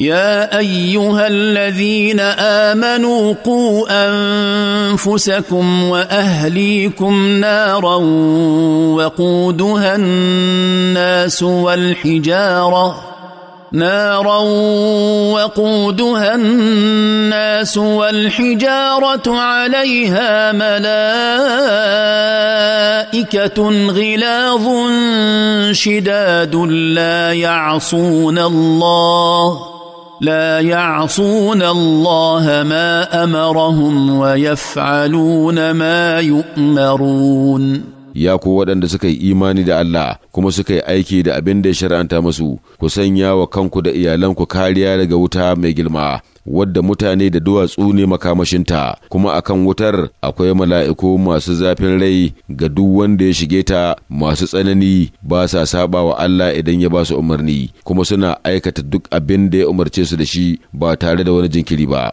يا ايها الذين امنوا قوا انفسكم واهليكم نارا وقودها الناس والحجاره نارا وقودها الناس والحجاره عليها ملائكه غلاظ شداد لا يعصون الله لا يعصون الله ما امرهم ويفعلون ما يؤمرون ya ku waɗanda suka yi imani da Allah kuma suka yi aiki da abin da ya shar'anta musu ku sanya wa kanku da iyalanku kariya daga wuta mai girma wadda mutane da duwatsu ne makamashinta kuma akan wutar akwai mala'iku masu zafin rai ga duk wanda ya shige ta masu tsanani ba sa saba wa Allah idan ya ba su umarni kuma suna aikata duk abin da ya umarce su da shi ba tare da wani jinkiri ba